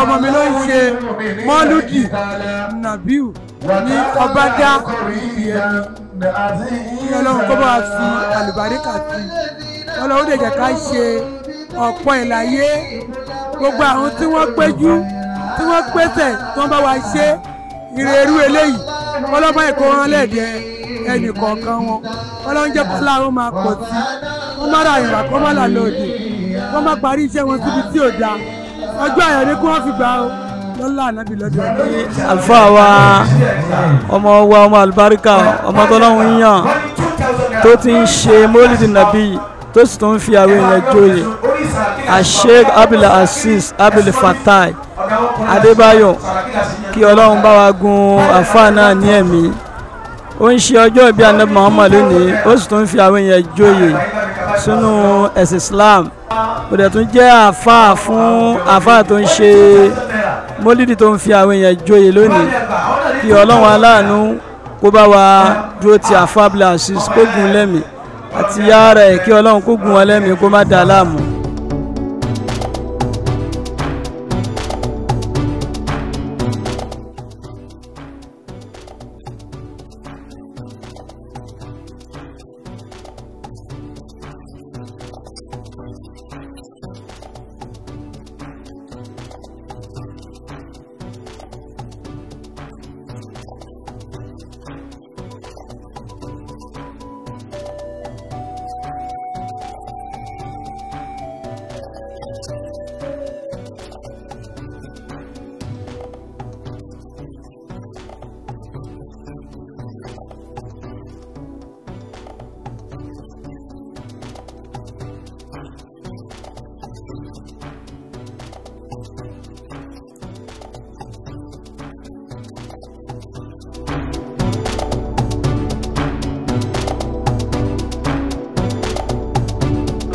ọmọ mi ló ń ṣe mọ́lúdì nàbíù ní ọbádá ìyẹn ìyẹn lọ́hùn kó bá a fi àlùbáríkà sí ọlọ́run lè jẹ́ ká ṣe ọ̀pọ̀ ìlàyé gbogbo àwọn tí wọ́n péjú tí wọ́n pèsè tí wọ́n bá wa ṣe ire irú eléyìí ọlọ́mọ ìkó wọn lẹ́ẹ̀dẹ́ ẹnì kọ̀ọ̀kan wọn ọlọ́run jẹ́ kọ́lá wọn máa pọ̀ sí wọ́n má ra ìwà kọ́ má là lòdì wọ́n má parí iṣẹ́ wọn síbi tí ò dáa ọjọ́ ayọ̀ ni kí wọ́n fi gbà ó lọ́la ànábì lọ́dọ̀. alfa wa ọmọ wa ọmọ alibarika ọmọ tọ́lọ́hún yíyàn tó ti ń ṣe mólídì nàbí tó sì tún fi àwọn èèyàn joyè asheik abdul asis abdul fatai adébáyọ̀ kí ọlọ́run bá wa gun àfa náà ní ẹ̀mí ó ń ṣe ọjọ́ ìbí anabi muhammad lónìí ó sì tún fi àwọn èèyàn joyè sínú ẹ̀sìn islam ó dẹ̀ tún jẹ́ àáfàá fún àáfàá tó ń ṣe mólídì tó ń fi àwọn èèyàn joyè lónìí kí ọlọ́run aláàánú kó bá wa dúró ti àáfàá Abdulaziz kó gùn lẹ́mìí àti yára ẹ̀ kí ọlọ́run kó gùn wọn lẹ́mìí kó má dà á láàmú.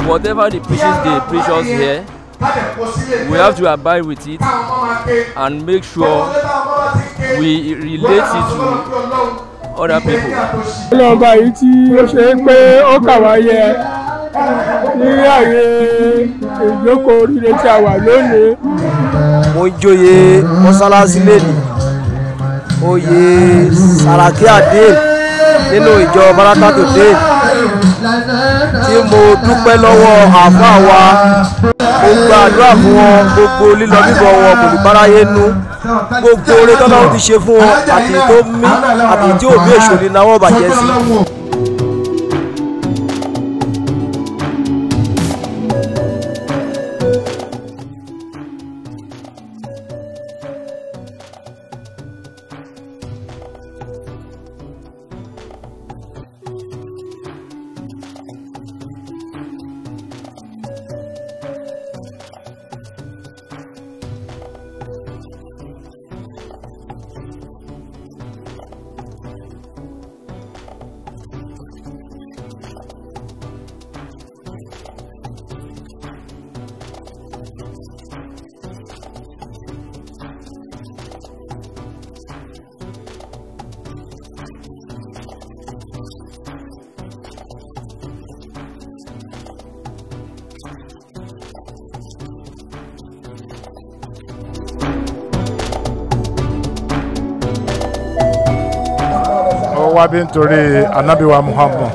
whatever the preachers they preach us here, we have to abide with it and make sure we relate it to other people. ọlọ́ba yìí tí ó ṣe é pé ó kà wá yẹ ní àyè ìjókòó oríire tí a wà lónìí. mo ń joyè mọ́sálásí oyè Sàràkí Adé nínú ìjọ Maranatha Dé tí mo dúpẹ́ lọ́wọ́ àáfàá wa mo gba àdúrà fún wọn gbogbo lílọ bíbọ̀ wọn kò ní báráyé nú gbogbo oore tọ́lá ó ti ṣe fún wọn àti tó mí àti tí òbí èṣù ní náwó bàjẹ́ sí. wá bí nítorí anábìwa Muhammad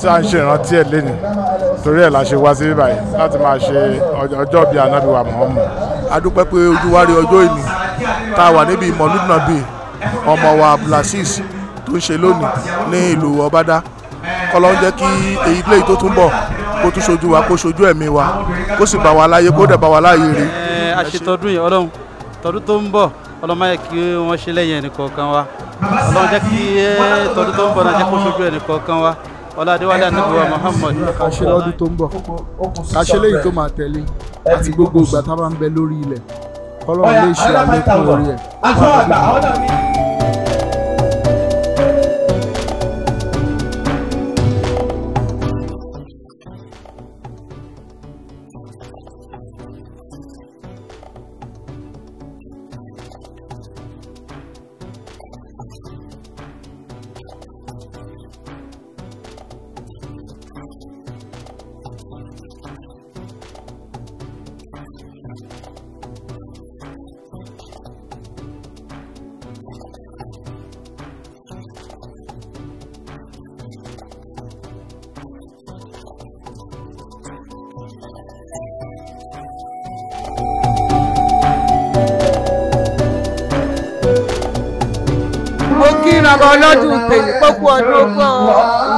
tí a ń ṣe ìrántí ẹ̀ lẹ́nu torí ẹ̀ la ṣe wá sí bíbáyìí láti máa ṣe ọjọ́ bíi anábìwa Muhammad. a dúpẹ́ pé ojú wa rí ọjọ́ ìní tá a wà níbi ìmọ̀lúdùn náà bíi ọmọ wa Abdulaziz tó ń ṣe lónìí ní ìlú Ọbádá kọ́lọ́ ń jẹ́ kí èyí lè tó tún bọ̀ kó tún ṣojú wa kó ṣojú ẹ̀mí wa kó sì bá wa láyé kó dẹ̀ bá wa láyé rí. ẹ àṣetọdún yìí ọlọ́run tọdún tó ń bọ̀ ọlọ́mọ yẹ kí wọ́n ṣe lẹ́yìn ẹnìkọ̀ọ̀kan wa ọlọ́run jẹ́ kí tọdún tó ń bọ̀ náà jẹ́ kó ṣojú ẹnìkọ̀ọ̀kan wa ọládéwálé anábíwá muhammad. ká ṣe lọ́dún tó ń bọ̀ ká ṣe léyìí tó máa tẹ̀lé àti gbogbo ìgbà tá a bá ń bẹ lórí ilẹ̀ kọ́lọ́run lè ṣe àlékún ẹ̀. kí ìrànwọ́ ọlọ́dún pèlú pókú ọdún ogún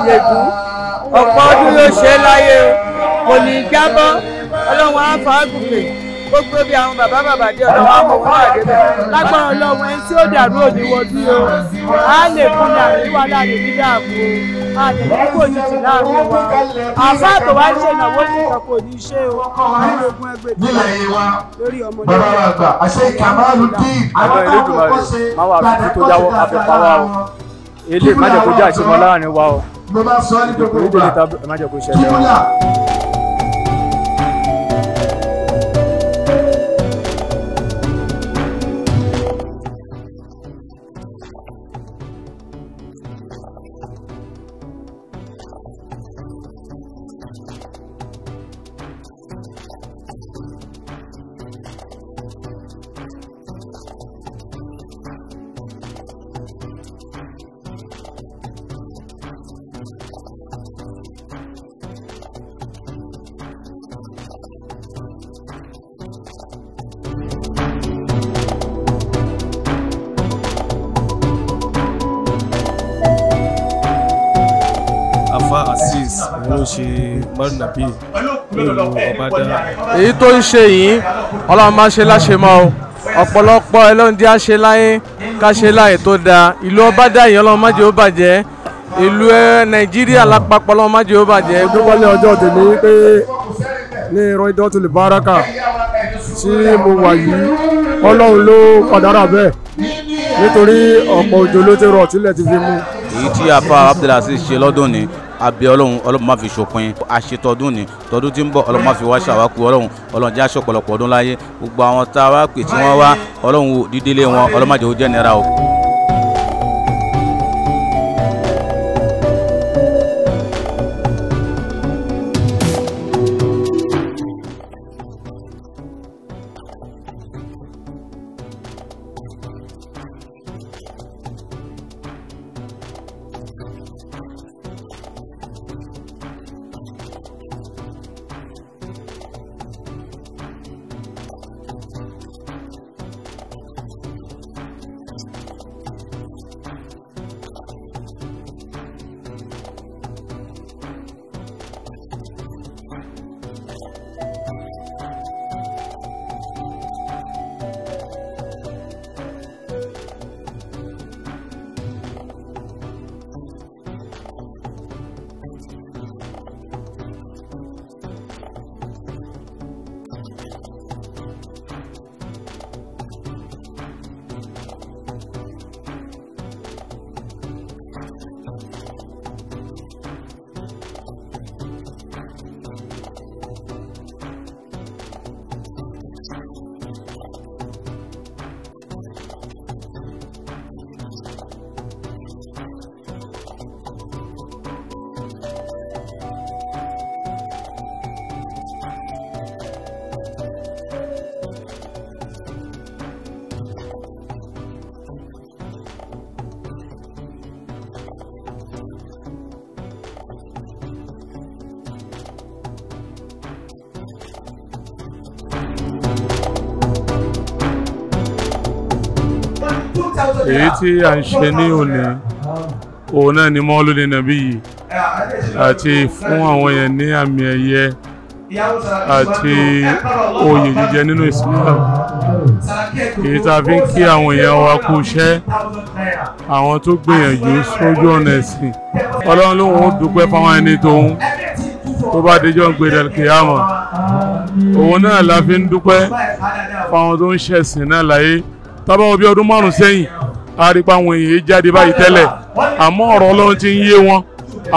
ìyẹ̀dú ọ̀pọ̀ ọdún ló ṣe é láyé o kò ní í jábọ́ ọlọ́run á fàá gùn pè gbogbo bí àwọn bàbá bàbá dé ọ̀dọ̀ wa mọ̀ wọ́n àdébẹ̀. lágbára ọlọ́run ẹni tí ó dàrú òní wọdú o á lè fún ní àríwá láàrin nígbà àbò àtẹ̀lẹ́kọ̀ òjijì láàrin wa àfa tó wá ṣe ìnáwó ní ìkọ̀kọ̀ òní iṣẹ́ o nínú ogun ẹgbẹ́ bàbá wa gbà àṣẹ kàmáàlú dín àwọn ìlédùmarè máa wà fún tó yáwọ́ àfẹ́páwá o ilé ìmájẹ̀kọ́jà láàrin wa o. ló bá sọ ọ́ ní gbogbo ìgbà kíkúlà àfa azeez ló ṣe mọ́rùnàbí nínú ọ̀bádà. èyí tó ń ṣe yìí ọlọ́run máa ṣe láṣẹ mọ́ o ọ̀pọ̀lọpọ̀ ẹlọ́run díá ṣe láyé ká ṣe láyé tó dáa ìlú ọ̀bádà yìí ọlọ́run má jẹ́ ó bàjẹ́ ìlú nàìjíríà lápapọ̀ ọlọ́run má jẹ́ ó bàjẹ́. ìdúpọ̀lẹ̀ ọjọ́ tèmi pé ní ìrọ̀jọ́ lè báraka tí mo wà yìí ọlọ́run ló kọ̀dára bẹ́ẹ̀ nítorí ọ̀pọ̀ òjò ló ti rọ̀ tílẹ̀ ti fi mú. èyí tí afa abdulaziz ṣe lọ́dún ni abẹ́ ọlọ́run ọlọ́run má fi ṣòpin àṣetọ́dún ni tọdún tí ń bọ̀ ọlọ́run má fi wá ṣàwákù ọlọ́run ọlọ́run jẹ́ aṣọ́pọ̀lọpọ̀ ọdún láyé gbogbo àwọn tá a wá pè tí wọ́n wá ọlọ́run dídílé wọn ọlọ́run má jẹ́ ó jẹ́ nira o. èyí tí a ń ṣe ní òní òun náà ni mọ́lúdé nàbí yìí àti fún àwọn yẹn ní àmì ẹ̀yẹ àti oyè jíjẹ nínú Islam èyí tá a fi ń kí àwọn èèyàn wa kú iṣẹ́ àwọn tó gbìyànjú sójú ọ̀nà ẹ̀sìn ọlọ́run lóun ó dúpẹ́ fáwọn ẹni tóun tó bá déjọ́ ń gbé dàlkìyàmọ̀ òun náà la fi ń dúpẹ́ fáwọn tó ń ṣẹ̀sìn náà láyé tábà wọ ọdún márùn-ún sẹ́yìn a rí pa àwọn èèyàn jáde báyìí tẹ́lẹ̀ àmọ́ ọ̀rọ̀ ọlọ́run ti ń yé wọn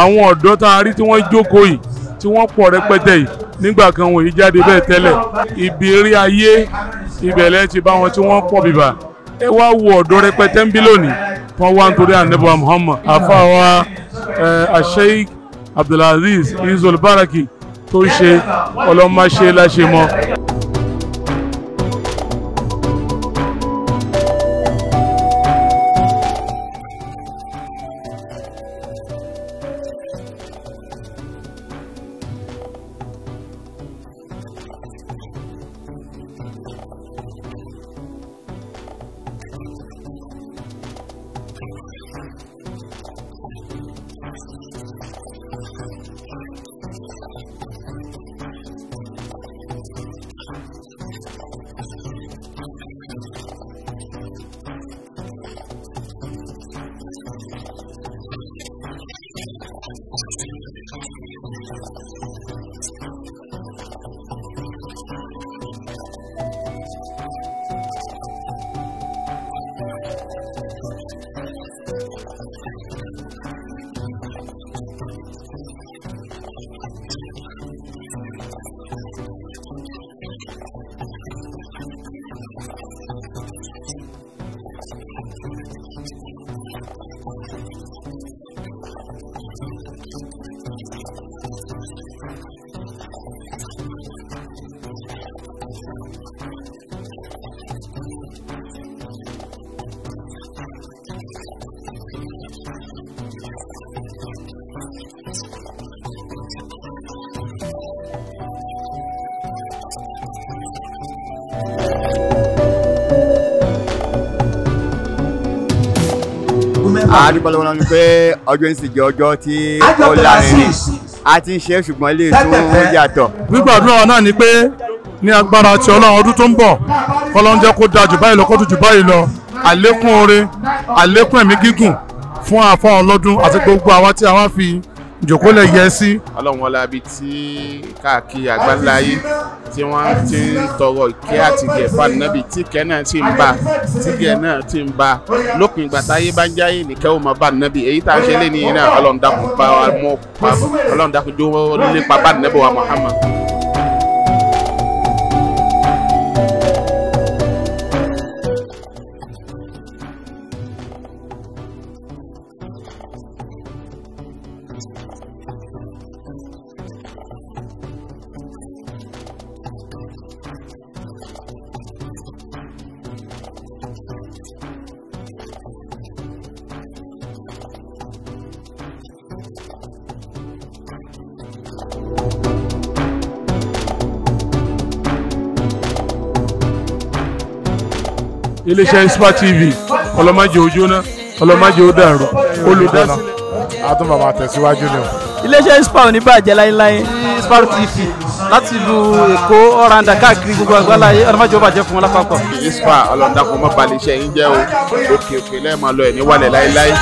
àwọn ọ̀dọ́ tá a rí tí wọ́n jókòó yìí tí wọ́n pọ̀ rẹpẹtẹ yìí nígbà kan wọ́n yìí jáde bẹ́ẹ̀ tẹ́lẹ̀ ìbéèrè ayé ìbẹ̀lẹ̀ ti bá wọn tí wọ́n pọ̀ bìbà ẹ wá wo ọ̀dọ́ rẹpẹtẹ ń bí lónìí wọ́n wá nítorí ànẹ́bọ̀ Muhammad àfàwà Sheikh Abdulaziz Izul Baraki tó ṣe ọlọ́mọṣẹ́ láṣẹ mọ́. àdúgbò lọ́wọ́ ni pé ọjọ́ ń sì jẹ́ ọjọ́ tí ó láàrin a ti ń ṣe é ṣùgbọ́n ilé ìtún yàtọ̀. gbígbàdúrà náà ni pé ní agbára ti ọlọ́run ọdún tó ń bọ̀ kọ́lọ́n kó da jù báyìí lọ kó dùn jù báyìí lọ àlékún oore àlékún ẹ̀mí gígùn fún àfọ̀n ọlọ́dún àti gbogbo àwa tí a wá fi jòkó lè yẹ sí. ọlọ́run ọlá bíi tí káàkiri àgbáńláyé tí wọ́n ti ń tọrọ ìkẹ́ àtìgẹ̀ fanabi tíkẹ́ náà ti ń bá tíkẹ́ náà ti ń bá lópin ìgbà táyé bá ń jáyé nìkẹ́ ò mọ̀ bá nàbì èyí tá a ṣe lé ní iná ọlọ́run dákun pa ọlọ́run dákun jó lépa bá nàbì wa Muhammad. iléeṣẹ́ Hispa TV ọlọ́májẹ òjòná ọlọ́májẹ òdàrú olùdásílẹ̀. àtún bàbá tẹ̀síwájú ni o. iléeṣẹ́ Hispa ò ní bàjẹ́ láéláé Hispa TV láti lu Èkó ọ̀ràǹdà káàkiri gbogbo àgbáláyé ọlọ́májẹ ó bàjẹ́ fún wọn lápapọ̀. Hispa ọlọ́ndàkùn mọ́ balẹ̀ iṣẹ́ yín jẹ́ o òkè òkè lẹ́ẹ̀ lọ ẹ̀ níwálẹ̀ láéláé.